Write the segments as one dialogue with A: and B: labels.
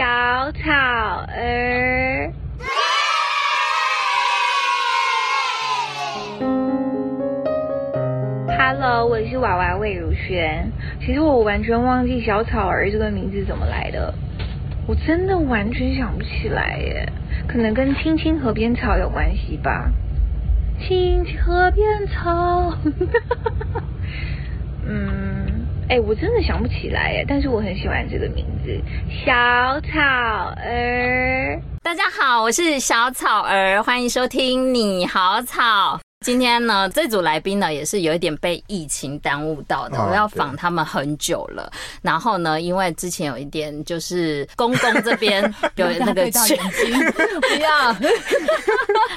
A: 小草兒。哈嘍，我是娃娃魏如萱，其實我完全忘記小草兒這個名字怎麼來的，我真的完全想不起來耶。可能跟青青河邊草有關係吧
B: 《青青河邊草》有關係
A: 吧，《青
C: 青河邊草》。嗯。哎、欸，我真的想不起來耶，但是我很喜歡這個名字，小草兒。大家好，我是小草兒，歡迎收聽你好草。今天呢，這組來賓呢也是有一點被疫情耽誤到的。哦、我要訪他們很久了，然後呢，因為之前有一點就是公公這邊有那個群， 不要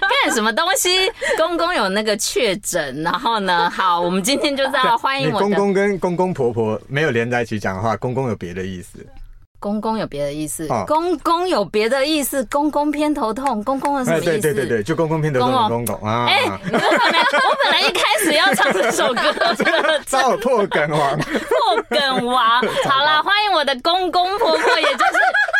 C: 幹 什麼東西，公公有那個確診，然後呢，好，我們今天就是要歡迎我公公
D: 跟公公婆婆沒有連在一起講的話，公公有別的意思。
C: 公公有別的意思，哦、公公有別的意思，公公偏頭痛，公公的什麼意思，對、哎、對對對，
D: 就公公偏頭痛公公，公公啊，哎、欸，嗯、本
C: 來 我本來一開始要唱這首歌，
D: 造、啊啊啊啊、破梗王，
C: 破梗王， 好啦，歡迎我的公公婆婆，也就是。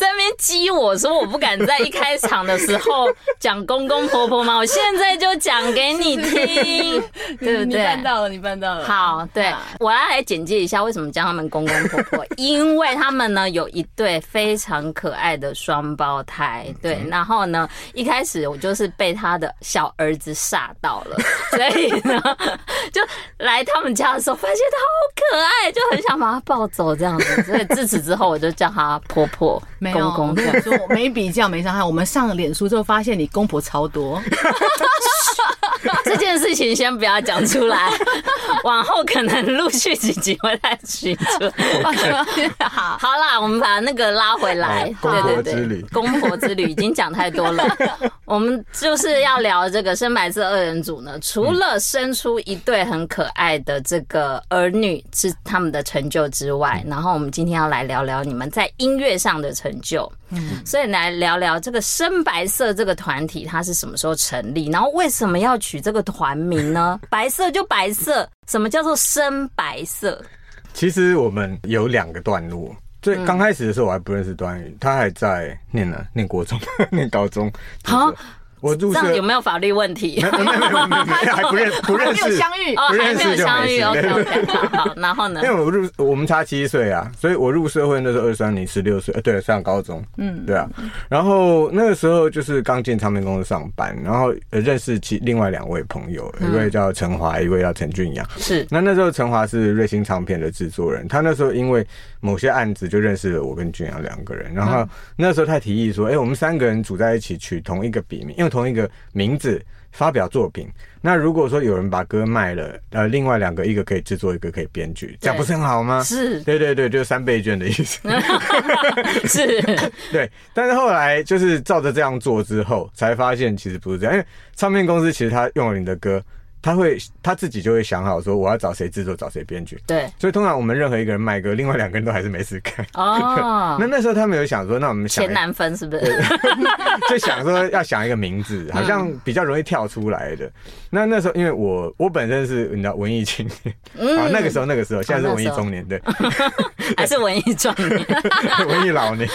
C: 在那邊激我說我不敢在一開場的時候講公公婆婆嗎？我現在就講給你聽 你，對不對？你辦到了，你辦到了。好，對、啊、我來來簡介一下為什麼叫他們公公婆婆， 因為他們呢有一對非常可愛的雙胞胎。對，然後呢一開始我就是被他的小兒子煞到了， 所以呢就來他們家的時候發現他好可愛，就很想把他抱走這樣子。所以自此之後我就叫他
A: 婆婆。沒有，公公 okay。說我沒比較，沒傷害。 我們上了臉書之後發現你公婆超多
C: 這件事情先不要講出來， 往後可能陸續幾集會再取出。好啦，我們把那個拉回來。公婆之旅，對對對，公婆之旅已經講太多了。 我們就是要聊這個深白色二人組呢，除了生出一對很可愛的這個兒女是他們的成就之外、嗯，然後我們今天要來聊聊你們在音樂上的成就。嗯、所以來聊聊這個深白色這個團體，它是什麼時候成立？然後為什麼要取這個團名呢？ 白色就白色，什麼叫做深白色？
D: 其實我們有兩個段落，最剛開始的時候我還不認識段宇、嗯，他還在念了念國中、 念高中。我入社有
C: 沒有法律問題？還不認
D: 還不認識，哦、還沒有相遇，不認識就沒、哦、沒有相遇。Okay, 好，
C: 好，然後呢？因為我
D: 入我們差七歲啊，所以我入社會那時候二三年，十六歲。呃，對，上高中。嗯，對啊、嗯。然後那個時候就是剛進唱片公司上班，然後呃認識其另外兩位朋友，一、嗯、位叫陳華，一位叫陳俊陽。是那那時候陳華是瑞星唱片的製作人，他那時候因為。某些案子就認識了我跟俊陽兩個人，然後那時候他提議說：“哎、嗯欸，我們三個人組在一起取同一個筆名，用同一個名字發表作品。那如果說有人把歌賣了，呃，另外兩個一個可以制作，一個可以編劇，這樣不是很好嗎？是對對對，就是三倍券的意思。 是對，但是後來就是照着這樣做之後，才發現其實不是這樣，因為唱片公司其實他用了你的歌。”他會他自己就會想好說，我要找誰制作，找誰編劇，對，所以通常我們任何一個人賣歌，另外兩個人都還是沒事幹。哦， 那那時候他沒有想說，那我們想錢
C: 難分是不是？
D: 就想說要想一個名字，好像比較容易跳出來的。嗯、那那時候因為我我本身是你知道文藝青年、嗯，啊，那個時候那個時候，現在是文藝中年，對，
C: 哦、 還是文藝壯年，
D: 文藝老年。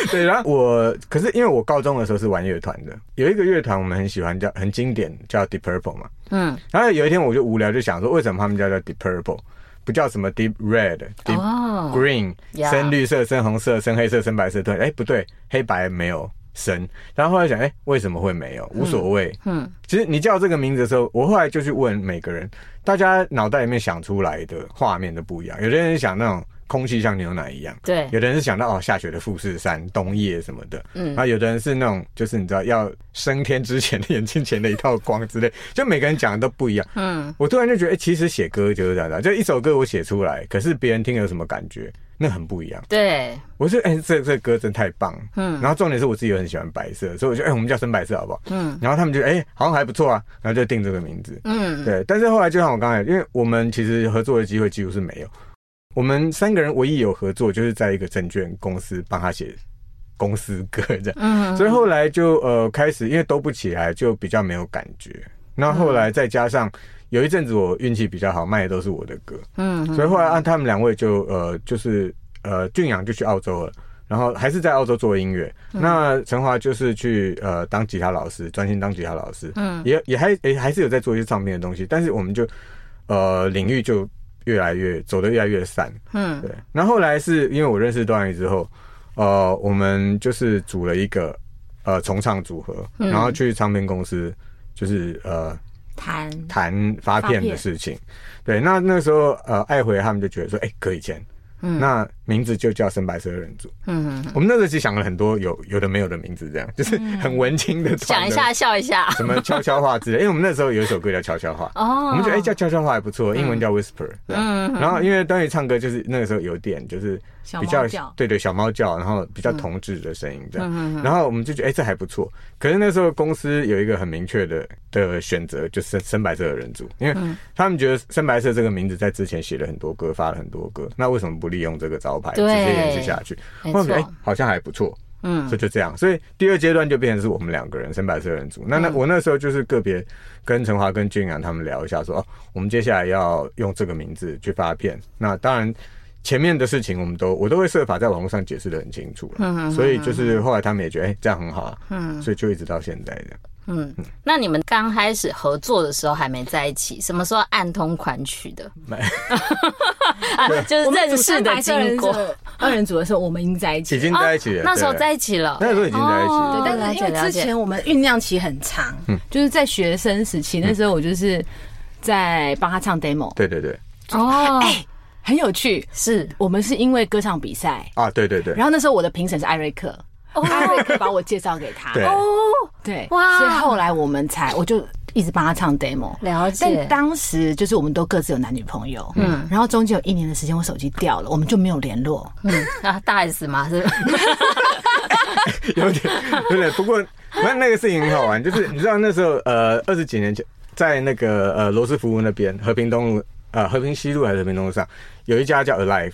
D: 對，然後我可是因為我高中的時候是玩樂團的，有一個樂團我們很喜歡叫，叫很經典，叫 Deep Purple 嘛。嗯。然後有一天我就無聊，就想說，為什麼他們叫叫 Deep Purple，不叫什麼 Deep Red、Deep Green、深綠色、深紅色、深黑色、深白色？對，哎，不對，黑白沒有深。然後後來想，哎、欸，為什麼會沒有？無所謂。嗯。其實你叫這個名字的時候，我後來就去問每個人，大家腦袋裡面想出來的畫面都不一樣。有些人想那種。空氣像牛奶一樣，對，有的人是想到哦，下雪的富士山、冬夜什麼的，嗯，然後有的人是那種，就是你知道要升天之前的眼睛前的一道光之類， 就每個人講的都不一樣，嗯，我突然就覺得，哎、欸，其實寫歌就是這樣子，就一首歌我寫出來，可是別人聽有什麼感覺，那很不一樣，對，我是哎、欸，這個、這個、歌真太棒，嗯，然後重點是我自己也很喜歡白色，所以我覺得，哎、欸，我們叫深白色好不好？嗯，然後他們就哎、欸，好像還不錯啊，然後就定這個名字，
B: 嗯，對，
D: 但是後來就像我剛才，因為我們其實合作的機會幾乎是沒有。我們三個人唯一有合作，就是在一個證券公司幫他寫公司歌這樣。嗯，所以後來就呃開始，因為兜不起來，就比較沒有感覺。那後來再加上有一陣子我運氣比較好，賣的都是我的歌。嗯，所以後來按、啊、他們兩位就呃就是呃俊陽就去澳洲了，然後還是在澳洲做音樂。那陳華就是去呃當吉他老師，專心當吉他老師。嗯，也也還也還是有在做一些唱片的東西，但是我們就呃領域就。越來越走得越來越散，嗯，對。那後來是因為我認識段奕之後，呃，我們就是組了一個呃重唱組合，嗯，然後去唱片公司，就是呃談談發片的事情。對，那那個時候呃愛回他們就覺得說，哎、欸，可以簽。嗯、那名字就叫深白色二人組。嗯哼，我們那時候其實想了很多有有的沒有的名字。這樣就是很文青的。講一下，
C: 笑一下，什麼悄
D: 悄話之類的。嗯、 因為我們那時候有一首歌叫《悄悄話》，哦，我們覺得哎，叫悄悄話還不錯，英文叫 Whisper 嗯。嗯，然後因為當時唱歌就是那個時候有點，就是。比較小貓叫，對對，小貓叫，然後比較童稚的聲音這樣、嗯嗯嗯嗯、然後我們就覺得哎、欸、這還不錯。可是那時候公司有一個很明確的的選擇，就是深白色二人組，因為他們覺得深白色這個名字在之前寫了很多歌，發了很多歌，那為什麼不利用這個招牌直接延續下去？然後我們覺得沒錯，哎、欸、好像還不錯，嗯，所以就這樣，所以第二階段就變成是我們兩個人深白色二人組。那那、嗯、我那時候就是個別跟陳華跟俊陽他們聊一下說，說、哦、我們接下來要用這個名字去發片。那當然。前面的事情我們都我都會設法在網絡上解釋得很清楚了、嗯嗯，所以就是後來他們也覺得哎、欸、這樣很好啊、嗯，所以就一直到現在這樣。嗯，
C: 嗯那你們剛開始合作的時候還沒在一起，什麼時候暗通款曲的？沒、嗯 啊、就是認識的經過、嗯。二
A: 人組的時候我們已經在一起了，已經在一起了、哦。那時候在一起了，那時候已經
B: 在一
C: 起了。但、哦、因為之前
A: 我們醞釀期很長、嗯，就是在學生時期，嗯、那時候我就是在幫他唱 demo。對
D: 對對，哦。
A: 欸很有趣，是我們是因為歌唱比賽
D: 啊，對對對。然
A: 後那時候我的評審是艾瑞克、哦，艾瑞克把我介紹給他， 對、哦，對，哇。所以後來我們才，我就一直幫他唱 demo。了解。但當時就是我們都各自有男女朋友，嗯。然後中間有一年的時間，我手機掉了，我們就沒有聯絡。嗯，
C: 那、啊、大 S 子嘛是 、
D: 欸。有點，有點。不過，那那個事情很好玩，就是你知道那時候呃二十幾年前，在那個呃羅斯福那邊和平東路。呃，和平西路還是和平東路上有一家叫 Alive，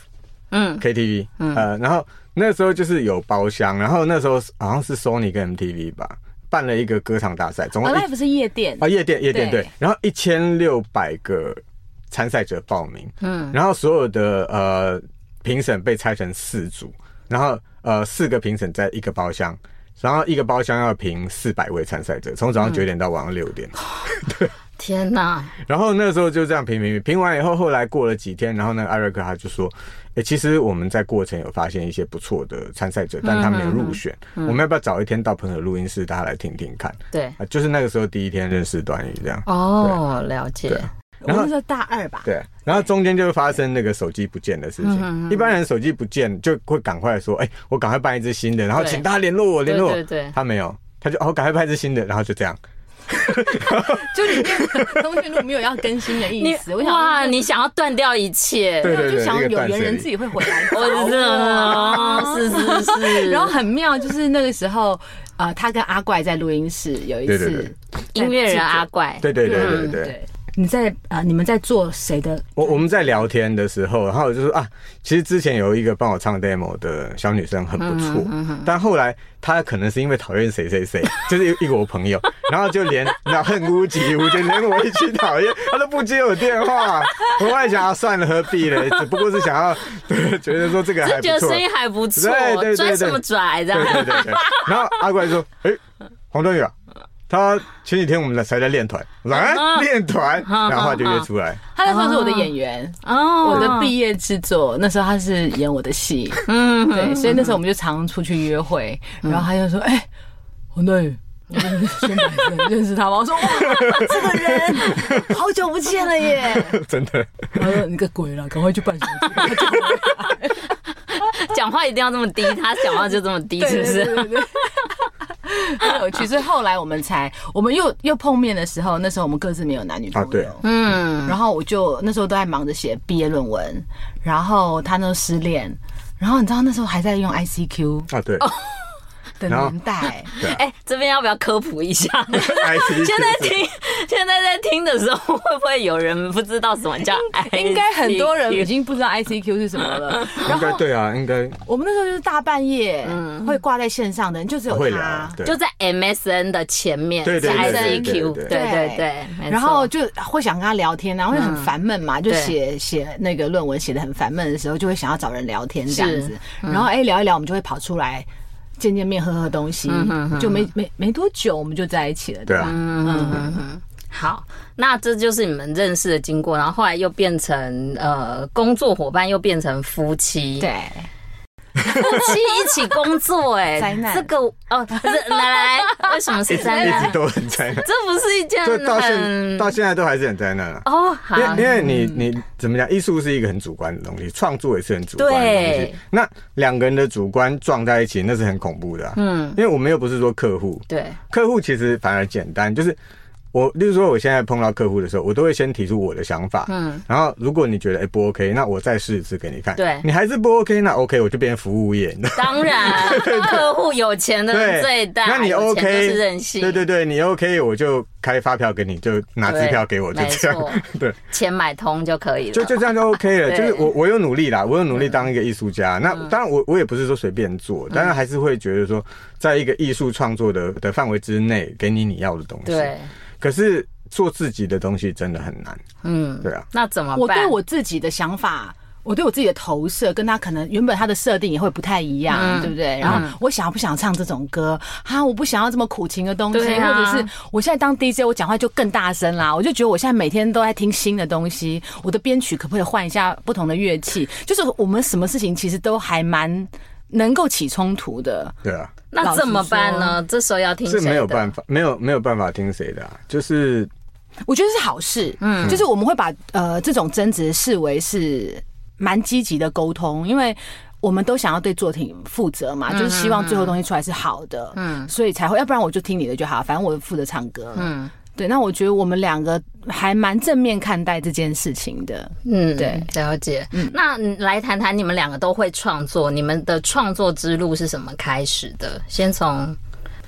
D: 嗯，KTV，嗯，呃，然後那時候就是有包廂，然後那時候好像是 Sony 跟 MTV 吧，辦了一個歌唱大賽。總共一，Alive
A: 是夜店啊，哦，
D: 夜店夜店對，對。然後一千六百個參賽者報名，嗯，然後所有的呃評審被拆成四組，然後呃四個評審在一個包廂，然後一個包廂要評四百位參賽者，從早上九點到晚上六點，嗯，
C: 對。 天
D: 吶！然後那個時候就這樣評評評，評完以後，後來過了幾天，然後呢，艾瑞克他就說：“哎、欸，其實我們在過程有發現一些不錯的參賽者，嗯、但他沒有入選、嗯。我們要不要找一天到朋友錄音室，大家來聽聽看？”對，啊、就是那個時候第一天認識段譽這樣。
C: 哦，了解。然後我就說大二吧？對。
D: 然後中間就會發生那個手機不見的事情、嗯。一般人手機不見就會趕快說：“哎、欸，我趕快辦一支新的。”然後請大家聯絡我，聯絡我。對對，他沒有，他就哦，趕快辦一支新的，然後就這樣。
C: 就裡面通訊錄沒有要更新的意思，哇！你想要斷掉一切，對對，對，就想有緣人自己會回來， 是是是，是， 然後很
A: 妙，就是那個時候，呃，他跟阿怪在錄音室有一次，音樂人阿怪，對對對對對，對。你在啊、呃？你們在做誰的？
D: 我我們在聊天的時候，然後我就說啊，其實之前有一個幫我唱 demo 的小女生很不錯，嗯嗯嗯嗯，但後來她可能是因為討厭誰誰誰， 就是一一個我朋友，然後就連那恨屋及烏就連我一起討厭，她都不接我電話。我也想要算了，何必呢？只不過是想要對，覺得說這個還不錯，聲音
C: 還不錯，對對對，對，對，這麼拽，對對對，
D: 對，對。 然後阿怪說：“誒、欸，黃德宇啊。他前幾天我們才在練團，來
C: 練團、啊啊，然後他就約出
D: 來。啊啊啊啊啊啊、他那時候是我的演員，
A: 哦、啊，我的畢業製作、啊。那時候他是演我的戲，嗯，對，所以那時候我們就常常出去約會。嗯、然後他就說：‘哎、欸，黃隊，我先
C: 認識他嗎？’ 我說：‘哇，這個人好久不見了耶。’
A: 真的。他說：‘你個鬼了，趕快去辦什麼事。他
C: 回來’講 話一定要這麼低，他講話就這麼低，是不是？” 對，其實後來我們才，
A: 我們又又碰面的時候，那時候我們各自沒有男女朋友，嗯、啊，然後我就那時候都在忙着寫畢業論文，然後他呢失戀，然後你知道那時候還在用 ICQ 啊，對。 等待，
C: 哎、啊欸，這邊要不要科普一下？
D: 現在
C: 聽，現在在聽的時候，會不會有人不知道什麼叫？ 應該很多人已
A: 經不知道 I C Q 是什麼了。 應
D: 該對啊，應該。
A: 我們那時候就是大半夜，嗯，會掛在線上的人，就只有他，就在 M S N 的前面，I C Q，對對對，對, ICQ, 對，對，對，對，對，對，對。然後就會想跟他聊天，然後就很煩悶嘛，嗯、就寫寫那個論文，寫的很煩悶的時候，就會想要找人聊天這樣子。嗯、然後哎、欸，聊一聊，
C: 我們就會跑出來。見見面，喝喝東西，就沒沒沒多久，我們就在一起了，嗯、哼哼對吧？嗯嗯嗯。好，那這就是你們認識的經過，然後後來又變成呃工作夥伴，又變成夫妻，對。一 起一起工作、欸，哎，災難！這個哦，這是奶奶，為什麼
D: 是災難？一一直都
C: 很災難。 這不是一件對，到
D: 現在都還是很災難、啊、哦。因為因為你、嗯、你怎麼講？藝術是一個很主觀的東西，創作也是很主觀的東西。對那兩個人的主觀撞在一起，那是很恐怖的、啊。嗯，因為我們又不是說客戶，對客戶其實反而簡單，就是。我例如說，我現在碰到客戶的時候，我都會先提出我的想法，嗯，然後如果你覺得哎、欸、不 OK，那我再試一次給你看，對，你還是不 OK，那 OK 我就變服務業。當
C: 然， 客戶有錢的最大。那你 OK 是任性對對
D: 對，你 OK 我就開發票給你，就拿支票給我，就這樣對，
C: 對，錢買通就可
D: 以了，就就這樣就 OK 了。就是我我有努力啦，我有努力當一個藝術家，嗯、那當然我我也不是說隨便做，當然還是會覺得說，在一個藝術創作的的範圍之內，給你你要的東西，對。可是做自己的東西真的很難，嗯，對啊，
C: 那怎麼辦？我
A: 對我自己的想法，我對我自己的投射，跟他可能原本他的設定也會不太一樣、嗯，對不對？然後我想要不想唱這種歌、嗯、啊？我不想要這麼苦情的東西，啊、或者是我現在當 DJ，我講話就更大聲啦。我就覺得我現在每天都在聽新的東西，我的編曲可不可以換一下不同的樂器？就是我們什麼事情其實都還蠻能夠起衝突的，對啊。那怎麼辦呢？這時候要
C: 聽誰的？沒有
D: 辦法，沒有沒有辦法聽誰的啊，就是
A: 我覺得是好事，嗯，就是我們會把呃這種爭執視為是蠻積極的溝通，因為我們都想要對作品負責嘛，嗯，就是希望最後東西出來是好的，嗯，所以才會，要不然我就聽你的就好，反正我負責
C: 唱歌，嗯。對，那我覺得我們兩個還蠻正面看待這件事情的。嗯，對，了解。嗯，那來談談你們兩個都會創作，你們的創作之路是什麼開始的？先從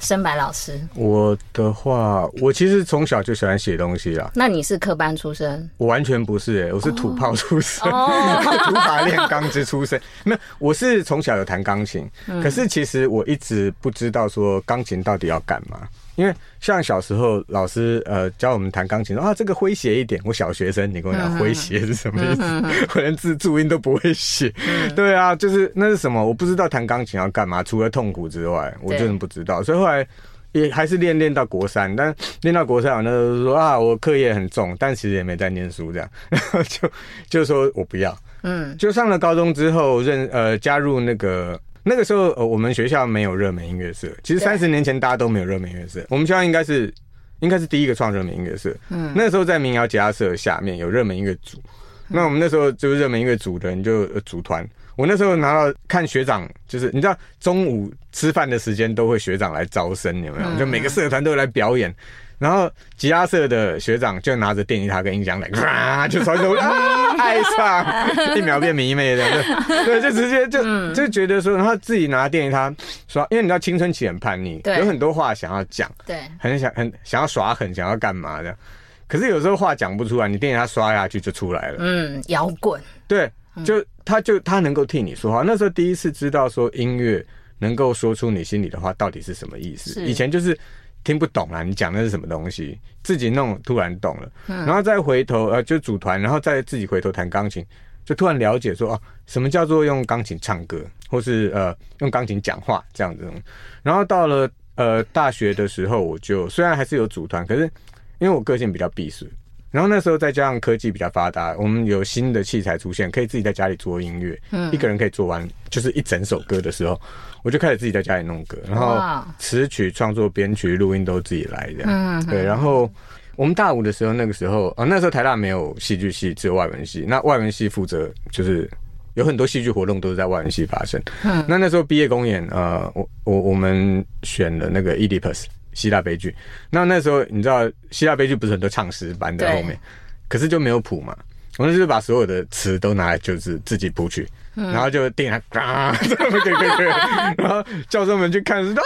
C: 深白老師，
D: 我的話，我其實從小就喜歡寫東西啊。
C: 那你是科班出身？
D: 我完全不是，欸，我是土炮出身，哦， 土法煉鋼之出身。沒有，我是從小有彈鋼琴，嗯，可是其實我一直不知道說鋼琴到底要幹嘛。因為像小時候老師呃教我們彈鋼琴說啊，這個詼諧一點，我小學生，你跟我講詼諧是什麼意思？嗯嗯、 我連字注音都不會寫，嗯，對啊，就是那是什麼？我不知道彈鋼琴要幹嘛，除了痛苦之外，我真的不知道。所以後來也還是練練到國三，但練到國三我那時候說啊，我課業很重，但其實也沒在念書這樣，然 後就就說我不要，嗯，就上了高中之後認呃加入那個，那個時候，呃，我們學校沒有熱門音樂社。其實三十年前大家都沒有熱門音樂社。我們學校應該是，應該是第一個創熱門音樂社。嗯，那時候在民謠吉他社下面有熱門音樂組、嗯。那我們那時候就熱門音樂組的人就組團。我那時候拿到看學長，就是你知道中午吃飯的時間都會學長來招生，你有沒有？就每個社團都會來表演。嗯嗯嗯然後吉他社的學長就拿着電吉他跟音箱來，呃、就說，說啊 愛上一秒變迷妹的，對，就直接就就覺得說，他、嗯、自己拿電吉他刷，因為你知道青春期很叛逆，有很多話想要講，對，很想很想要耍狠，想要幹嘛的，可是有時候話講不出來，你電吉他刷下去就出來
C: 了。嗯，搖滾。
D: 對，就他就他能夠替你說話。嗯。那時候第一次知道說音樂能夠說出你心裡的話到底是什麼意思。是以前就是。聽不懂啊，你講的是什麼東西？自己弄，突然懂了，然後再回頭呃，就組團，然後再自己回頭彈鋼琴，就突然了解說啊，什麼叫做用鋼琴唱歌，或是呃用鋼琴講話這樣子。然後到了呃大學的時候，我就雖然還是有組團，可是因為我個性比較閉塞。然後那時候再加上科技比較發達，我們有新的器材出現，可以自己在家裡做音樂，嗯、一個人可以做完就是一整首歌的時候，我就開始自己在家裡弄歌，然後詞曲創作、編曲、錄音都自己來這樣。嗯嗯、對，然後我們大五的時候，那個時候啊，那時候台大沒有戲劇系，只有外文系。那外文系負責就是有很多戲劇活動都是在外文系發生、嗯。那那時候畢業公演呃，我我我們選了那個《Oedipus》希臘悲劇，那那時候你知道希臘悲劇不是很多唱詩班的後面，可是就沒有譜嘛，我就是把所有的詞都拿來，就是自己譜去、嗯，然後就定它，呃、 然後教授們就看、啊，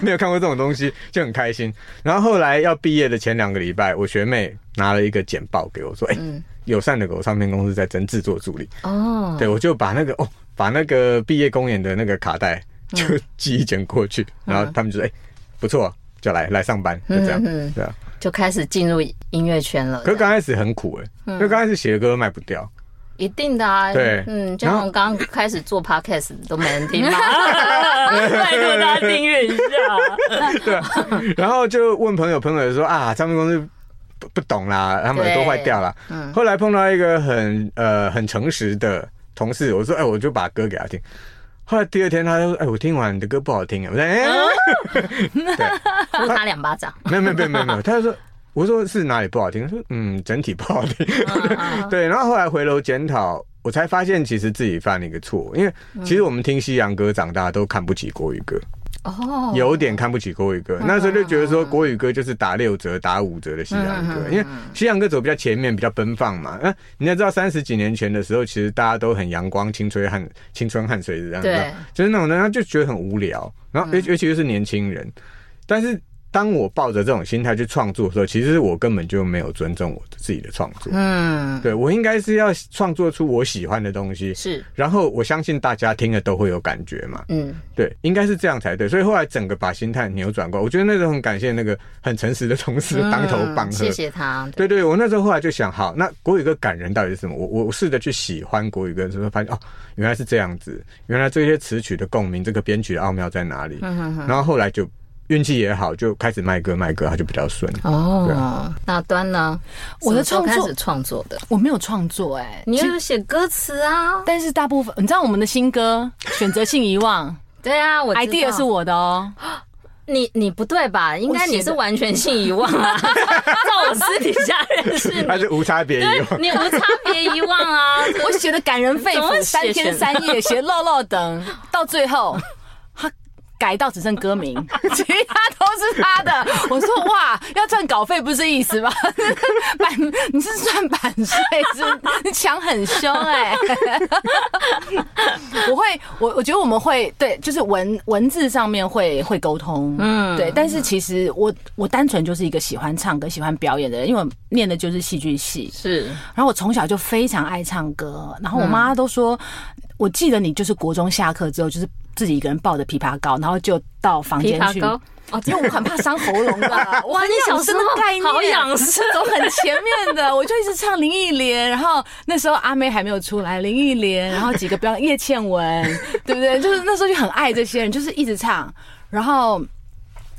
D: 沒有看過這種東西，就很開心。然後後來要畢業的前兩個禮拜，我學妹拿了一個簡報給我說：“嗯、哎，友善的狗唱片公司在徵製作助理。”哦，對，我就把那個哦，把那個畢業公演的那個卡帶就寄一卷過去、嗯，然後他們就說：“哎。”不錯，就來來上班，就這樣，對、嗯、啊，就
C: 開始進入音樂圈了。
D: 可是剛開始很苦哎、欸嗯，因為剛開始寫的歌賣不掉，
C: 一定的啊，對，嗯，就從剛開始做 podcast 都沒人聽，拜
B: 托 大家訂閱一下。
D: 對，然後就問朋友，朋友說啊，唱片公司不不懂啦，他們都壞掉了。嗯，後來碰到一個很呃很誠實的同事，我說哎、欸，我就把歌給他聽。後來第二天，他說：“哎、欸，我聽完你的歌不好聽啊！”我說：“
C: 哎、欸，打、哦、兩 對 巴掌。
D: 沒”沒有沒有沒有沒有沒就他說：“我說是哪裡不好聽？”他說：“嗯，整體不好聽。哦 對哦”對。然後後來回頭檢討，我才發現其實自己犯了一個錯，因為其實我們聽西洋歌長大，都看不起國語歌。嗯嗯
B: 哦、oh，有
D: 點看不起國語歌，嗯，那時候就覺得說國語歌就是打六折、打五折的西洋歌，嗯嗯，因為西洋歌走比較前面，比較奔放嘛。那，嗯、你要知道，三十幾年前的時候，其實大家都很陽光、青春汗、青春汗水是這樣子，就是那種人，他就覺得很無聊。然後，尤尤其就是年輕人，嗯，但是。當我抱着這種心態去創作的時候，其實我根本就沒有尊重我自己的創作。嗯，對，我應該是要創作出我喜歡的東西。是，然後我相信大家聽了都會有感覺嘛。嗯，對，應該是這樣才對。所以後來整個把心態扭轉過來，我覺得那時候很感謝那個很誠實的同事、嗯、當頭棒喝，謝謝他。對，對，對，對，我那時候後來就想，好，那國語歌感人到底是什麼？我我試着去喜歡國語歌，之後發現哦，原來是這樣子，原來這些詞曲的共鳴，這個編曲的奧妙在哪裡？然後後來就。運氣也好，就開始賣歌賣歌，他就比較順哦、oh,
C: 啊。那端呢？
A: 我的創作，
C: 創作的，我沒有創作哎、欸，你
A: 有寫歌詞啊。但是大部分，你知道我們的新歌《選擇性遺忘》
C: 對啊，我 idea 是我的哦、喔。你你不對吧？應該你是完全性遺忘
D: 啊。到我， 我私底下認識你， 還是無差別遺忘。 你
A: 無差
C: 別遺忘啊！ 我寫的感
A: 人肺腑，三天三夜寫嘮嘮，漏漏等到最後。改到只剩歌名，其他都是他的。我說，哇，要賺稿費不是意思吧？版你是算版稅，你搶很凶哎、欸！ 我會，我我覺得我們會對，就是文文字上面會會溝通，嗯，對。但是其實我我單純就是一個喜歡唱歌、喜歡表演的人，因為我念的就是戲劇系，是。然後我從小就非常愛唱歌，然後我媽都說、嗯，我記得你就是國中下課之後就是。自己一個人抱着枇杷膏，然後就到房間去。因為、哦、我很怕傷喉嚨的。 哇，你哇那小時候好養生，走很前面的。 我就一直唱林憶蓮，然後那時候阿妹還沒有出來，林憶蓮，然後幾個不要葉倩文，對不對？就是那時候就很愛這些人，就是一直唱。然後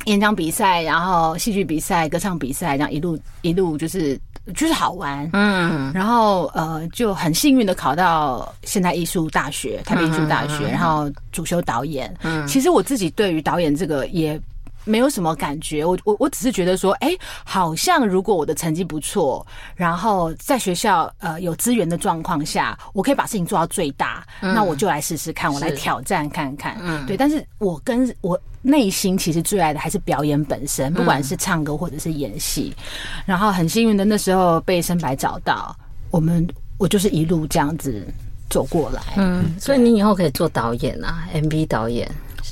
A: 演講比賽，然後戲劇比賽，歌唱比賽，這樣一路一路就是。就是好玩，嗯，然後呃就很幸運的考到現代藝術大學、台北藝術大學、嗯嗯嗯，然後主修導演。嗯，其實我自己對於導演這個也沒有什麼感覺，我我我只是覺得說，哎，好像如果我的成績不錯，然後在學校呃有資源的狀況下，我可以把事情做到最大，嗯、那我就來試試看，我來挑戰看看。嗯，對，但是我跟我。內心其實最愛的還是表演本身，不管是唱歌或者是演戲，嗯。然後很幸運的那時候被深白找到，我們我
C: 就是一路這樣子走過來。嗯，所以、嗯、所以你以後可以做導演啊，MV 導演。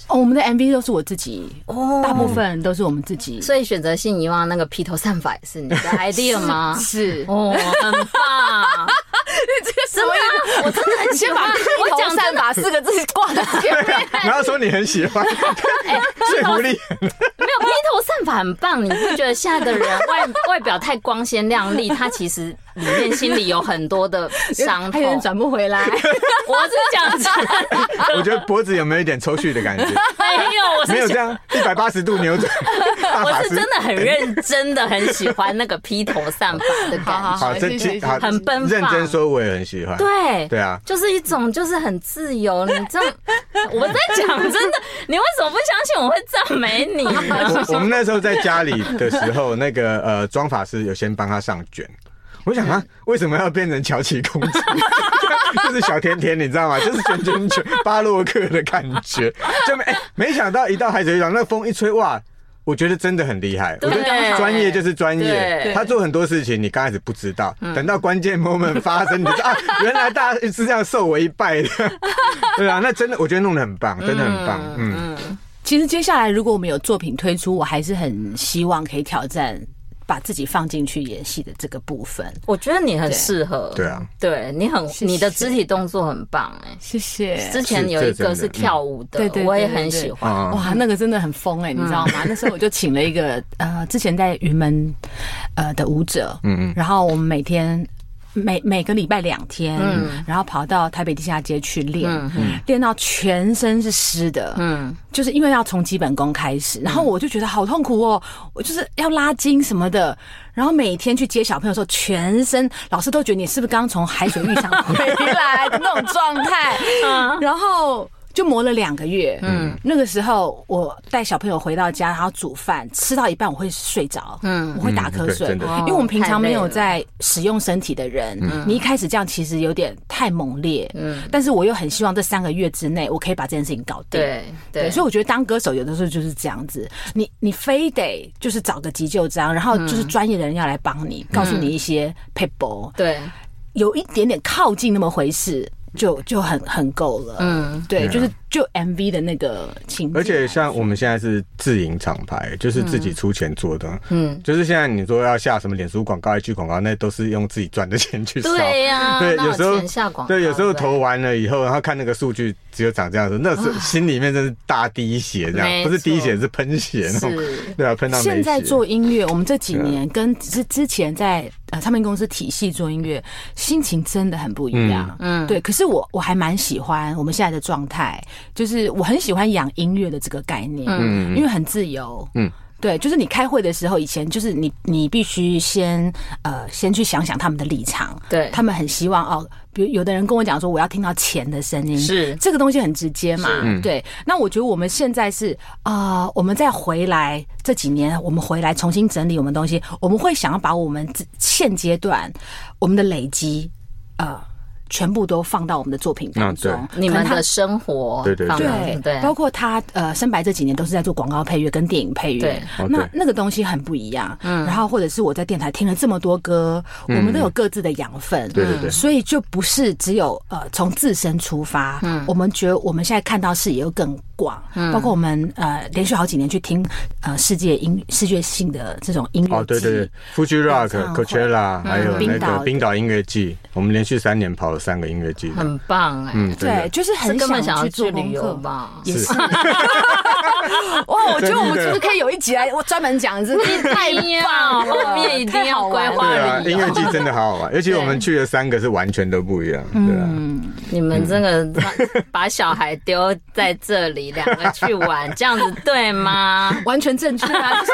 C: 哦，我們的 MV 都是我自己，哦、大部分都是我們自己。嗯，所以選擇性遺忘那個披頭散髮是你的 idea 嗎？ 是，是哦，很
B: 棒。
C: 是什麼真、啊、我真的很喜歡我講散發四個字掛在前面，啊、然後說
D: 你很喜歡，最狐狸，
C: 片 沒有披頭散髮很棒。 你不覺得現在的人外外表太光鮮亮麗，他其實？裡面心裡有很多的傷痛，轉不回來。脖子講真
B: 的，
D: 我覺得脖子有沒有一點抽搐的感覺？沒
C: 有，沒有這樣
D: 一百八十度扭轉。 我是真的很認
C: 真的， 很喜歡那個披頭散髮的感覺。 好，好，好，好，謝謝這謝謝好謝謝很奔放。很奔放。認真說，
D: 我也很喜歡。對，對啊，就
C: 是一種，就是很自由。你這，我在講真的，你為什麼不相信我會讚美你、啊 我？我們那時候在家裡的時
D: 候，那個呃，妝髮師有先幫他上卷。我想啊，為什麼要變成喬奇公主？ 就是小甜甜，你知道嗎？就是全全全巴洛克的感覺。就沒、欸、沒想到，一到海水浴場，那風一吹，哇！我覺得真的很厲害。我覺得專業就是專業。他做很多事情，你剛開始不知道，等到關鍵 moment 發生，嗯、你就說啊，原來大家是這樣受我一拜的。 對啊，那真的，我覺得弄得很棒，真的很棒。嗯。嗯，
A: 其實接下來，如果我們有作品推出，我還是很希望可以挑戰。把自己放進去演戲的這個部分，我
C: 覺得你很適合對。對啊，對。你很謝謝，你的肢體動作很棒、欸，哎，謝謝。之前有一個是跳舞的的嗯、我也很喜歡。對對對對對對對。哇，那個真的很瘋、欸，哎、嗯，你知道嗎？那時候我就請了一個呃，之前在
A: 雲門，呃的舞者，嗯嗯，然後我們每天。每每個禮拜兩天，嗯，然後跑到台北地下街去練，嗯，練到全身是濕的。嗯，就是因為要從基本功開始，然後我就覺得好痛苦哦，我就是要拉筋什麼的，然後每天去接小朋友的時候，全身老師都覺得你是不是剛從海水浴場回來的那種
B: 狀態，
A: 然後，就磨了兩個月，嗯，那個時候我帶小朋友回到家，然後煮飯吃到一半我會睡着，嗯，我會打瞌睡、嗯，真的，因為我們平常沒有在使用身體的人，你一開始這樣其實有點太猛烈，嗯，但是我又很希望這三個月之內我可以把這件事情搞定對對，對，所以我覺得當歌手有的時候就是這樣子，你你非得就是找個急就章，然後就是專業的人要來幫你，嗯、告訴你一些撇步，嗯、對，有一點點靠近那麼回事。就就很很夠了，嗯，對，就是。就 MV 的那
D: 個情況，而且像我們現在是自營廠牌，嗯、就是自己出錢做的。嗯，就是現在你說要下什麼臉書廣告、IG 廣告，那都是用自己賺的錢去燒。對呀、啊，對，有時候前下廣告，對，有時候投完了以後，然後看那個數據只有長這樣子，那是、啊、心裡面真是大滴血，這樣、啊、不是滴血是噴血那種，是，對啊，噴到。現在做
A: 音樂，我們這幾年跟只是之前在唱片、呃、公司體系做音樂，心情真的很不一樣。嗯，對，嗯、對，可是我我還蠻喜歡我們現在的狀態。就是我很喜歡養音樂的這個概念，嗯，因為很自由，嗯，對，就是你開會的時候，以前就是你你必須先呃，先去想想他們的立場，對，他們很希望哦，比如有的人跟我講說我要聽到錢的聲音，是這個東西很直接嘛、嗯，對。那我覺得我們現在是啊、呃，我們再回來這幾年，我們回來重新整理我們東西，我們會想要把我們現階段我們的累積啊。呃全部都放到我們的作品當中，那對他你們的
C: 生活的對，對，對對對，包
A: 括他呃，深白這幾年都是在做廣告配樂跟電影配樂，那 okay, 那個東西很不一樣，嗯。然後或者是我在電台聽了這麼多歌，嗯、我們都有各自的養分，對對對，所以就不是只有呃從自身出發，嗯，我們覺得我們現在看到是也有更。包括我們、嗯、呃，連續好幾年去聽呃，世界音世界性的這種
D: 音樂哦，對對對 Fuji Rock、Coachella、嗯、還有那個冰島音樂季，嗯、我們連續三年跑了三個音樂季，很棒哎、欸，嗯，對，
A: 就是很去是根本想要做旅遊吧，
D: 也
A: 是，也是 哇，我覺得我們就是可以有一集來我專門講，這的太棒了，我們一定要規
C: 劃旅遊，音樂季真的
D: 好好玩， 尤其我們去了三個是完全都不一樣，
C: 對啊，嗯嗯、你們真的把， 把小孩丟在這裡。兩個去玩，這樣子對嗎？ 完全正確啊！就是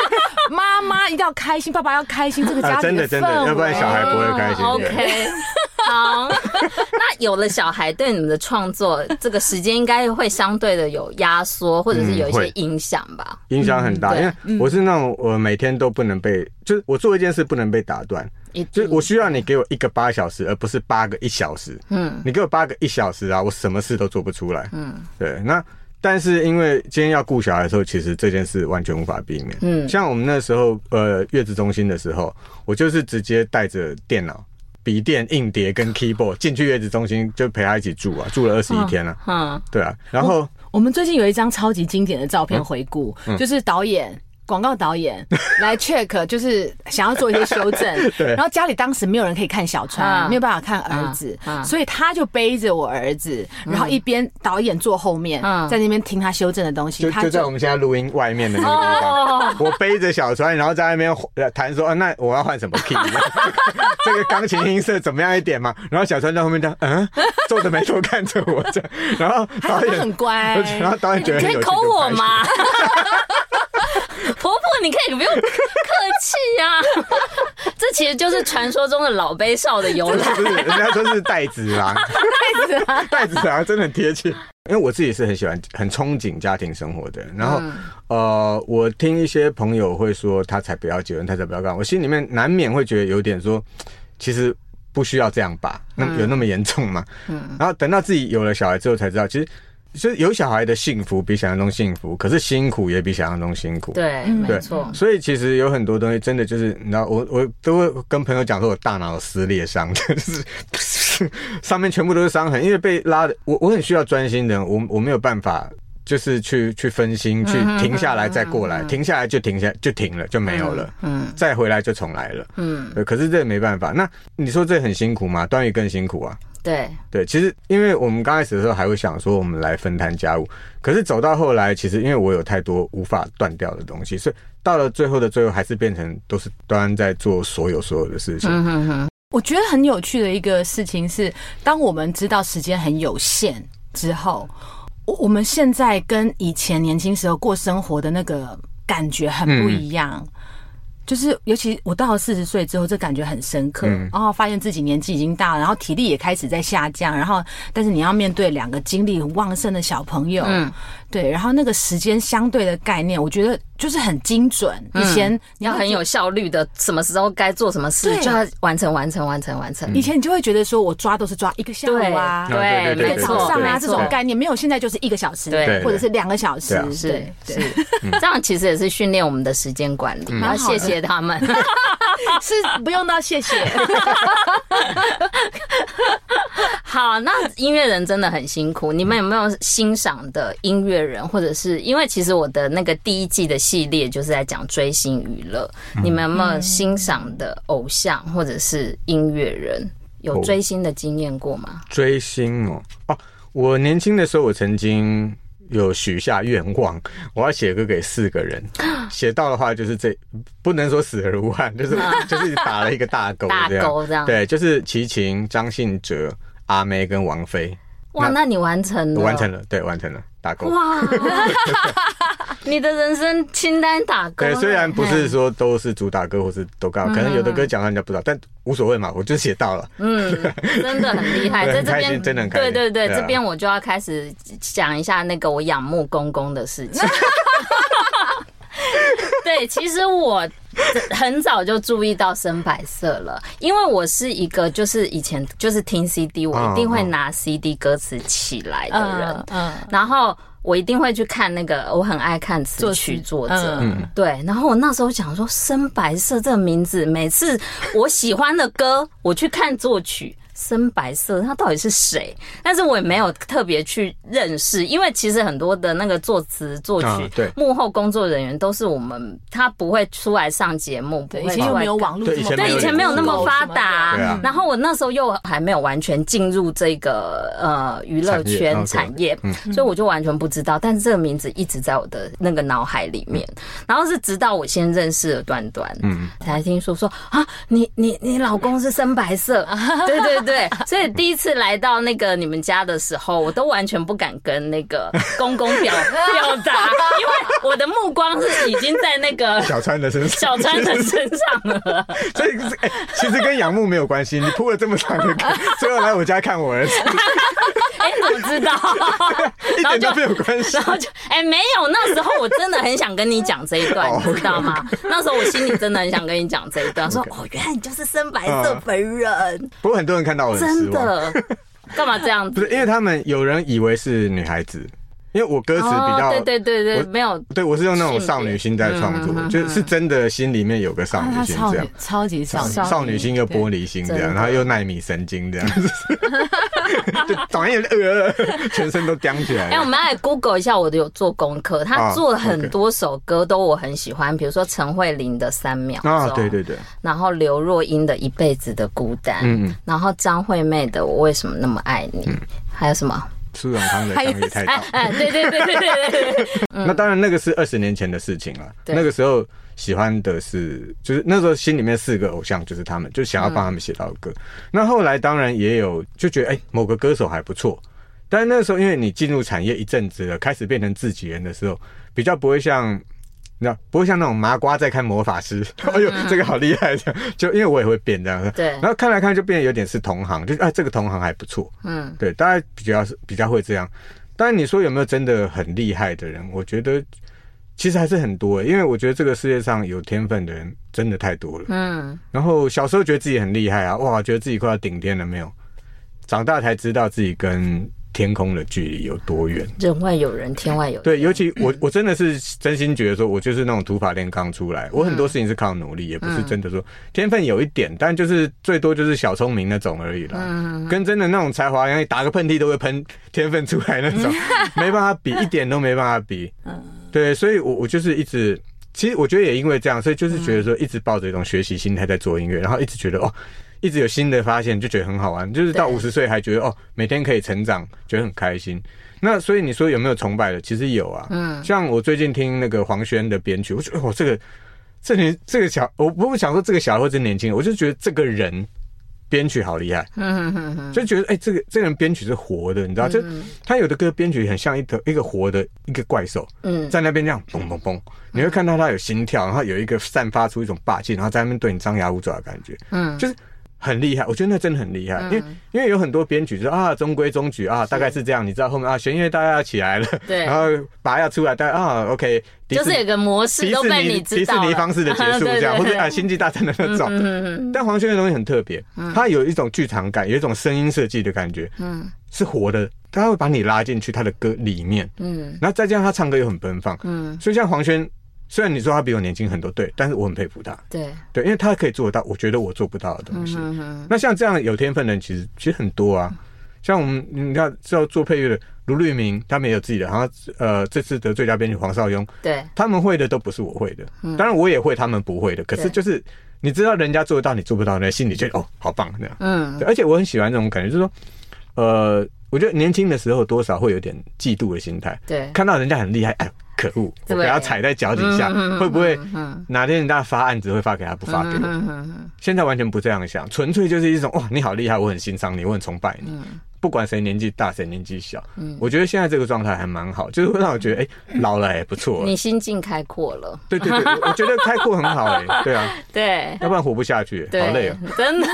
C: 媽媽一定要開心，爸爸要開心，這個家庭氛圍、 啊、真的真的，要不然小孩不會開心。 對 OK，好。 那有了小孩，對你們的創作，這個時間應該會相對的有壓縮，或者是有一些影響吧？影、嗯、響很大、嗯，因為我是
D: 那種我每天都不能被，就是我做一件事不能被打斷，就我需要你給我一個八小時，而不是八個一小時。嗯，你給我八個一小時啊，我什麼事都做不出來。嗯，對，那。但是因為今天要顧小孩的時候，其實這件事完全無法避免。嗯，像我們那時候，呃，月子中心的時候，我就是直接帶着電腦、筆電、硬碟、跟 keyboard 進 去月子中心，就陪他一起住啊，住了二十一天了、啊。嗯、啊啊，對啊。然後、
A: 哦、我們最近有一張超級經典的照片回顧、嗯，就是導演。嗯廣告導演來 check， 就是想要做一些修正。對。然後家裡當時沒有人可以看小川，沒有辦法看兒子，所以他就背着我兒子，然後一邊導演坐後面，在那邊聽他
D: 修正的東西。就就在我們現在錄音外面的那個地方，我背着小川，然後在那邊彈說，啊：“那我要換什麼 key 嗎？這個鋼琴音色怎麼樣一點嘛？”然後小川在後面這樣嗯，皺著眉頭看着我，然後導演很乖，然後導演覺得很有趣，你可以摳我嗎？
C: 婆婆，你可以不用客氣呀。這其實就是傳說中的老悲少的由來。 是，人家
D: 說是帶子郎， 帶 子郎，帶子郎，真的很貼切。因為我自己是很喜歡、很憧憬家庭生活的。然後，呃，我聽一些朋友會說，他才不要結婚，他才不要幹。我心裡面難免會覺得有點說，其實不需要這樣吧？那有那麼嚴重嗎？嗯。然後等到自己有了小孩之後，才知道其實。就是有小孩的幸福比想象中幸福，可是辛苦也比想象中辛苦對。對，沒錯。所以其實有很多東西，真的就是，你知道，我我都會跟朋友講說我大腦撕裂傷，就是 上面全部都是傷痕，因為被拉的。我我很需要專心的，我我沒有辦法，就是去去分心，去停下來再過來，嗯嗯、停下來就停下就停了就沒有了。嗯。再回來就重來
B: 了。
D: 嗯。可是這也沒辦法。那你說這很辛苦嗎？段譽更辛苦啊。對對，其實因為我們剛開始的時候還會想說我們來分攤家務，可是走到後來，其實因為我有太多無法斷掉的東西，所以到了最後的最後，還是變成都是端端在做所有所有的事情。嗯
C: 嗯
A: 嗯。我覺得很有趣的一個事情是，當我們知道時間很有限之後，我們現在跟以前年輕時候過生活的那個感覺很不一樣。嗯。就是，尤其我到了四十歲之後，這感覺很深刻。然後、嗯、哦、發現自己年紀已經大了，然後體力也開始在下降。然後，但是你要面對兩個精力很旺盛的小朋友。嗯對，然後那個時間相對的概念，我覺得就是很精準。以前你要很有
C: 效率的，什麼時候該做什麼事、嗯、就要
A: 完成、啊，完成，完成，完、嗯、成。以前你就會覺得說我抓都是
C: 抓一個下午啊，對，早上啊這種概念沒有。現在就是一個小時，對，或者是兩個小時，對是對對對是這樣，其實也是訓練我們的時間管理。然後謝謝他們
A: 是不用到謝謝。
C: 好，那音樂人真的很辛苦。 你們有沒有欣賞的音樂？的人，或者是因為其實我的那個第一季的系列就是在講追星娛樂、嗯。你們有沒有欣賞的偶像，或者是音樂人、哦，有追星的經驗過嗎？
D: 追星哦，啊、我年輕的時候，我曾經有許下願望，我要寫歌給四個人。寫到的話，就是這不能說死而無憾，就是 就是打了一個大勾，大勾這樣。對，就是齊秦、張信哲、阿妹跟王菲。哇那，那
C: 你完成了？完成
D: 了，對，完成了。打哇！
C: 你的人生清單打勾。對，雖然不是
D: 說都是主打歌，或是都高，可能有的歌講到人家不知道，但無所謂嘛，我就寫到
C: 了。嗯， 真的很厲害，很開心。在這邊對對對，對啊、這邊我就要開始講一下那個我仰慕公公的事情。 對，其實我。很早就注意到深白色了，因為我是一個就是以前就是聽 CD，我一定會拿 CD 歌詞起來的人，嗯，然後我一定會去看那個，我很愛看詞曲作者，對，然後我那時候想說深白色這個名字，每次我喜歡的歌，我去看作曲。深白色，他到底是誰？但是我也沒有特別去認識，因為其實很多的那個作詞、作曲、嗯、幕後工作人員都是我們，他不會出來上節目對不會對。以前又沒有網絡、啊，對以，以前沒有那麼發達、啊。然後我那時候又還沒有完全進入這個呃娛樂圈產業，產業，產業、嗯，所以我就完全不知道、嗯。但是這個名字一直在我的那個腦海裡面、嗯。然後是直到我先認識了端端，嗯，才聽說說啊，你你你老公是深白色，欸、對，對對。 對，所以第一次來到那個你們家的時候，我都完全不敢跟那個公公表表達，因為我的目光是已經在那個小
D: 川的身上，小川的身
C: 上了。 所以、
D: 欸、其實跟仰慕沒有關係，你鋪了這麼長的，最後來我家看我兒子。
C: 哎，怎麼知道
D: 然一點都，然後就沒有關係。然後就
C: 哎，欸、沒有。那時候我真的很想跟你講這一段， 你知道嗎？Oh, okay, okay, 那時候我心裡真的很想跟你講這一段，okay. 說哦、喔，原來你就是深白色
D: 本人，okay. 呃。不過很多人看到我真的，
C: 幹 嘛這樣子？不
D: 是，因為他們有人以為是女孩子。因為我歌詞比較、oh,，對對
C: 對對，沒有，
D: 對我是用那種少女心在創作、嗯嗯嗯，就是、是真的心裡面有個少女心這樣，啊、
C: 超級少女心，少女心又玻璃心這樣對對對，
D: 然後又奈米神經這樣，子。哈哈哈哈，導演全身都僵起來。哎、 欸，我
C: 們來 Google 一下，我都有做功課，他做了很多首歌都我很喜歡，比如說陳慧琳的《三秒》，啊，對，對對對，然後劉若英的《一輩子的孤單》，嗯，然後張惠妹的《我為
D: 什麼那麼愛你》，嗯、還有什麼？蘇永康的影響力太大、 啊啊，對對
B: 對
D: 對對對對。 嗯、那當然，那個是二十年前的事情了、啊。那個時候喜歡的是，就是那時候心裡面四個偶像就是他們，就想要幫他們寫到歌。嗯、那後來當然也有，就覺得哎、欸，某個歌手還不錯。但那個時候因為你進入產業一陣子了，開始變成自己人的時候，比較不會像。那不會像那種麻瓜在看魔法師，嗯嗯哎呦，這個好厲害，這樣就因為我也會變這樣子，對。然後看來看就變得有點是同行，就啊、哎，這個同行還不錯，嗯，對，大家比較是比較會這樣。當然，你說有沒有真的很厲害的人？我覺得其實還是很多、欸，因為我覺得這個世界上有天分的人真的太多
C: 了，
D: 嗯。然後小時候覺得自己很厲害啊，哇，覺得自己快要頂天了，沒有。長大才知道自己跟。天空的距離有多遠？
C: 人外有人，天外有人。
D: 對，尤其我， 我真的是真心覺得說，我就是那種土法煉鋼出來，我很多事情是靠努力、嗯，也不是真的說天分有一點，但就是最多就是小聰明那種而已了、
B: 嗯嗯嗯。跟
D: 真的那種才華，一樣，打個噴嚏都會噴天分出來那種，沒辦法比，嗯、一點都沒辦法比。嗯、對，所以我，我我就是一直。其實我覺得也因為這樣，所以就是覺得說一直抱着一種學習心態在做音樂、嗯，然後一直覺得哦，一直有新的發現，就覺得很好玩。就是到五十歲還覺得哦，每天可以成長，覺得很開心。那所以你說有沒有崇拜的？其實有啊，嗯，像我最近聽那個黃軒的編曲，我覺得我、哦、這個這年、個、這個小，我不是想說這個小孩或是年輕，我就覺得這個人。編曲好厲害呵呵呵，就覺得哎、欸，這個這個人編曲是活的，你知道、嗯？就是、他有的歌編曲很像一頭一個活的一個怪獸，嗯，在那邊這樣嘣嘣嘣，你會看到他有心跳，然後有一個散發出一種霸氣，然後在那邊對你張牙舞爪的感覺，嗯，就是。很厲害，我覺得那真的很厲害、嗯，因為因為有很多編曲是啊中規中矩啊大概是這樣，你知道後面啊弦樂大家要起來了，對，然後拔要出來，大家啊 OK，迪士就是有個模式都被你知道了迪士尼，迪士尼方式的結束這樣，啊、對對對或者啊星際大戰的那種，嗯嗯，但黃軒的東西很特別、嗯，他有一種劇場感、嗯，有一種聲音設計的感覺，嗯，是活的，他會把你拉進去他的歌裡面，嗯，然後再加上他唱歌又很奔放，嗯，所以像黃軒。雖然你說他比我年輕很多，對，但是我很佩服他。對，對，因為他可以做到，我覺得我做不到的東西。嗯嗯嗯、那像這樣有天分的人，其實其實很多啊。嗯、像我們，你看，知道做配樂的盧律明，他們也有自己的。然後，呃，這次得最佳編曲黃少雍，對他們會的都不是我會的。嗯、當然，我也會他們不會的。可是，就是你知道人家做得到，你做不到的人，那心裡就覺得哦，好棒那樣。嗯對，而且我很喜歡這種感覺，就是說，呃，我覺得年輕的時候多少會有點嫉妒的心態。對，看到人家很厲害，哎。可惡！我給他踩在腳底下、嗯哼哼哼哼，會不會哪天人家發案子會發給他，不發給我、嗯哼哼哼？現在完全不這樣想，純粹就是一種哇，你好厲害，我很欣賞你，我很崇拜你。嗯、不管誰年紀大，誰年紀小、嗯，我覺得現在這個狀態還蠻好，就是會讓我覺得哎、欸，老了也不錯、嗯，你
C: 心境開闊了。對對對，我覺得開闊很好哎、欸。對啊， 對，要
D: 不然活不下去、欸對，好累啊，
C: 真的。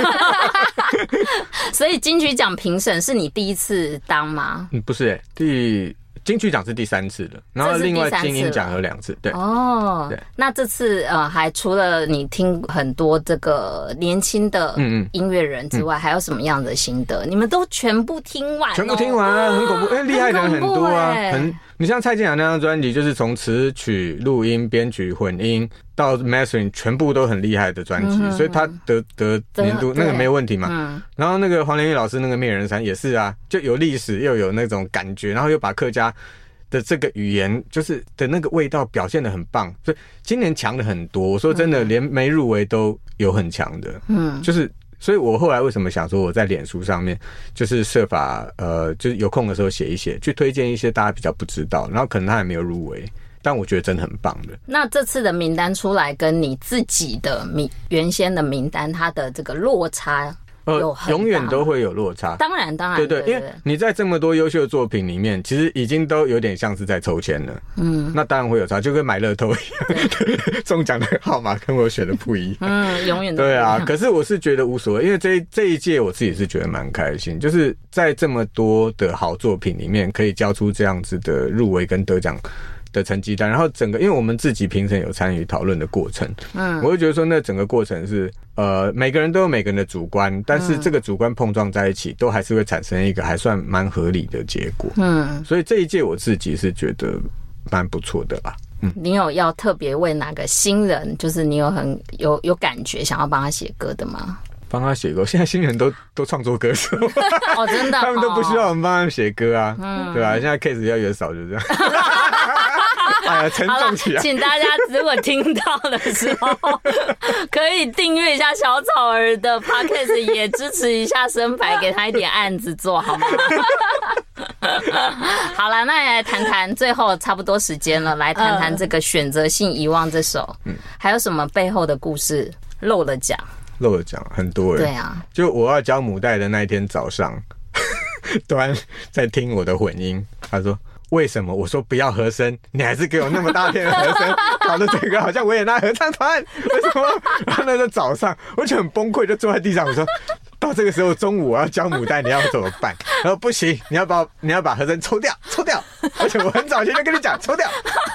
C: 所以金曲獎評審是你第一次當嗎？
D: 嗯，不是，第。金曲獎是第三次的，然後另外金音獎有兩次，次對哦，
C: 對，那這次呃，還除了你聽很多這個年輕的音樂人之外嗯嗯，還有什麼樣的心得？嗯嗯你們都全部聽完、哦，全部聽完？啊，很恐怖，哎、欸，厲害的人很多啊，很、欸。很
D: 你像蔡健雅那張專輯，就是從詞曲、錄音、編曲、混音到 mastering 全部都很厲害的專輯，嗯，所以他得得年度那個沒有問題嘛，嗯。然後那個黃連玉老師那個《面人山》也是啊，就有歷史又有那種感覺，然後又把客家的這個語言就是的那個味道表現得很棒。所以今年強的很多，我說真的，連沒入圍都有很強的。嗯，就是。所以我後來為什麼想說，我在臉書上面就是設法呃，就是有空的時候寫一寫，去推薦一些大家比較不知道，然後可能他還沒有入圍，但我覺得真的很棒的。
C: 那這次的名單出來，跟你自己的名原先的名單，它的這個落差？呃，永遠
D: 都會有落差。當然，當然，對對，對，對，對，因為你在這麼多優秀的作品裡面，其實已經都有點像是在抽籤了。嗯，那當然會有差，就跟買樂透一樣， 中獎的號碼跟我選的不一
C: 樣。嗯，
D: 永遠。對啊，可是我是覺得無所謂，因為這一這一屆我自己是覺得蠻開心，就是在這麼多的好作品裡面，可以交出這樣子的入圍跟得獎的成績單，然後整個，因為我們自己平常有參與討論的過程，嗯，我就覺得說，那整個過程是，呃，每個人都有每個人的主觀、嗯，但是這個主觀碰撞在一起，都還是會產生一個還算蠻合理的結果，嗯，所以這一屆我自己是覺得蠻不錯的啦，嗯。
C: 你有要特別為哪個新人，就是你有很有有感覺想要幫他寫歌的嗎？
D: 幫他寫歌，現在新人都都創作歌
C: 手， 哦，真的， 他們都不需要
D: 我們幫他們寫歌啊，嗯、哦，對吧、啊嗯？現在 case 要越少，就這樣。
C: 哎、呀起來請大家如果聽到的時候， 可以訂閱一下小草兒的 podcast 也支持一下深白，給他一點案子做，好嗎？ 好了，那也來談談，最後差不多時間了，來談談這個選擇性遺忘這首，嗯，還有什麼背後的故事漏了講，
D: 漏了講很多人對啊，就我要交母帶的那一天早上， 突然在聽我的混音，他說，為什麼我說不要和聲？你還是給我那麼大片的和聲，搞得這個好像維也納合唱團。為什麼？然後那個早上，我就很崩潰，就坐在地上。我說到這個時候，中午我要交母帶，你要怎麼辦？他說不行，你要把你要把和聲抽掉，抽掉。而且我很早前就跟你講，抽掉。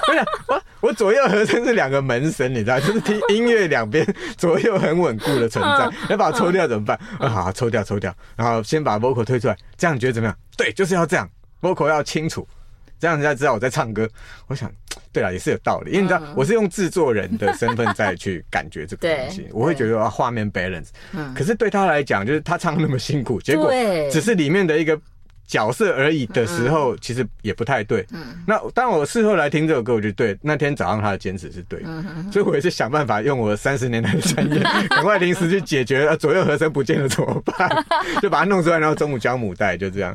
D: 我想，我，我左右和聲是兩個門神，你知道，就是聽音樂兩邊左右很穩固的存在。你要把我抽掉怎麼辦？啊，好，抽掉，抽掉。然後先把 vocal 推出來，這樣你覺得怎麼樣？對，就是要這樣 ，vocal 要清楚。這樣人家知道我在唱歌。我想，對啊，也是有道理，因為你知道，我是用制作人的身份在去感覺這個東西，嗯、我會覺得畫面 balance。嗯。可是對他來講，就是他唱那麼辛苦，嗯，結果只是裡面的一個角色而已的時候，其實也不太對。嗯。那當我事後來聽這首歌，我就對那天早上他的堅持是對。
B: 嗯。所以我也
D: 是想辦法用我三十年代的專業趕，嗯，快臨時去解決， 啊，左右和聲不見了怎麼辦？ 就把它弄出來，然後中午交母帶，就這樣。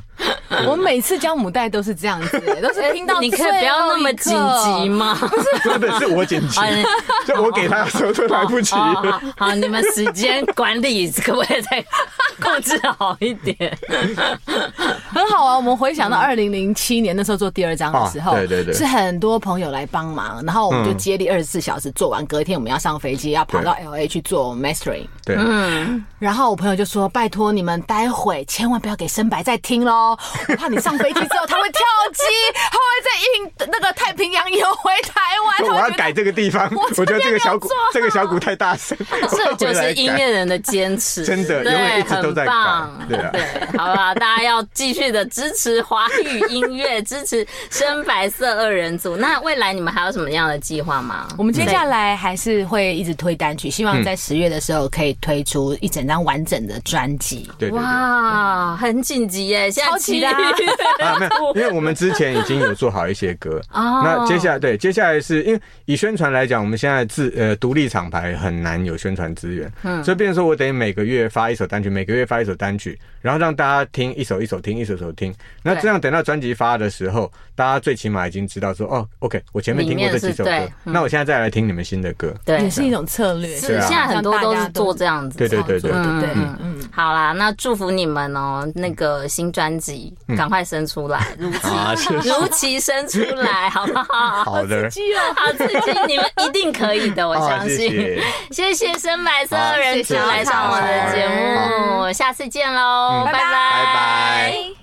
A: 我每次交母帶都是這樣子，欸，都是聽到，欸。你可以不要那麼緊急嗎？
C: 真、欸、的是，， 是，是我緊急，我給他說
D: 都來不及。好，好
C: 好好，你們時間管理可不可以再控制好一點？
A: 很好啊，我們回想到二零零七年那時候做第二張的時候，啊，對對對，是很多朋友來幫忙，然後我們就接力二十四小時做完，隔天我們要上飛機，嗯、要跑到 LA 去做 mastering 對。對，嗯。然後我朋友就說：“拜托你們，待會千萬不要給深白再聽嘍。”我怕你上飛機之後他會跳機，他會在印那個太平洋
D: 游
C: 回台灣。我
D: 要改這個地方，我、啊、我覺得這個小鼓，這個小鼓太大聲。這就是音樂人
C: 的堅持，真的，對，一直都在，很棒，對啊對，好吧，大家要繼續的支持華語音樂， 支持深白色二人組。那未來你們還有什麼樣的計劃嗎？我們接下來還是會一直推單曲，希
A: 望在十月的時候可以推出一整張完整的專輯。對、嗯，哇，對
C: 對對，很緊急耶，超級。 啊，沒有，因為我們之前已經
D: 有做好一些歌，oh. 那接下來對接下來是因為以宣傳來講我們現在自呃獨立廠牌很難有宣傳資源，嗯。所以變成說，我得每個月發一首單曲，每個月發一首單曲，然後讓大家聽一首一首聽一首一首聽。那這樣等到專輯發的時候。大家最起碼已經知道說哦，OK，我前面聽過這幾首歌，對嗯、那我現在再來聽你們新的歌，嗯、對，
A: 也是
C: 一種策略。是、啊，現在
D: 很
A: 多都是
C: 做這樣子，這樣子。對對對對對對，對，嗯對，對，對，對，對，對嗯。嗯，好啦，那祝福你們哦、喔，那個新專輯趕快生出來，嗯、如如 如期生出來，好不好？好的。好刺激哦、喔， 好刺激，你們一定可以的，我相信。啊、謝，謝，謝謝深白色二人組、啊、來上我的節目好好，下次見嘍、嗯，拜拜
B: 拜，拜。拜拜。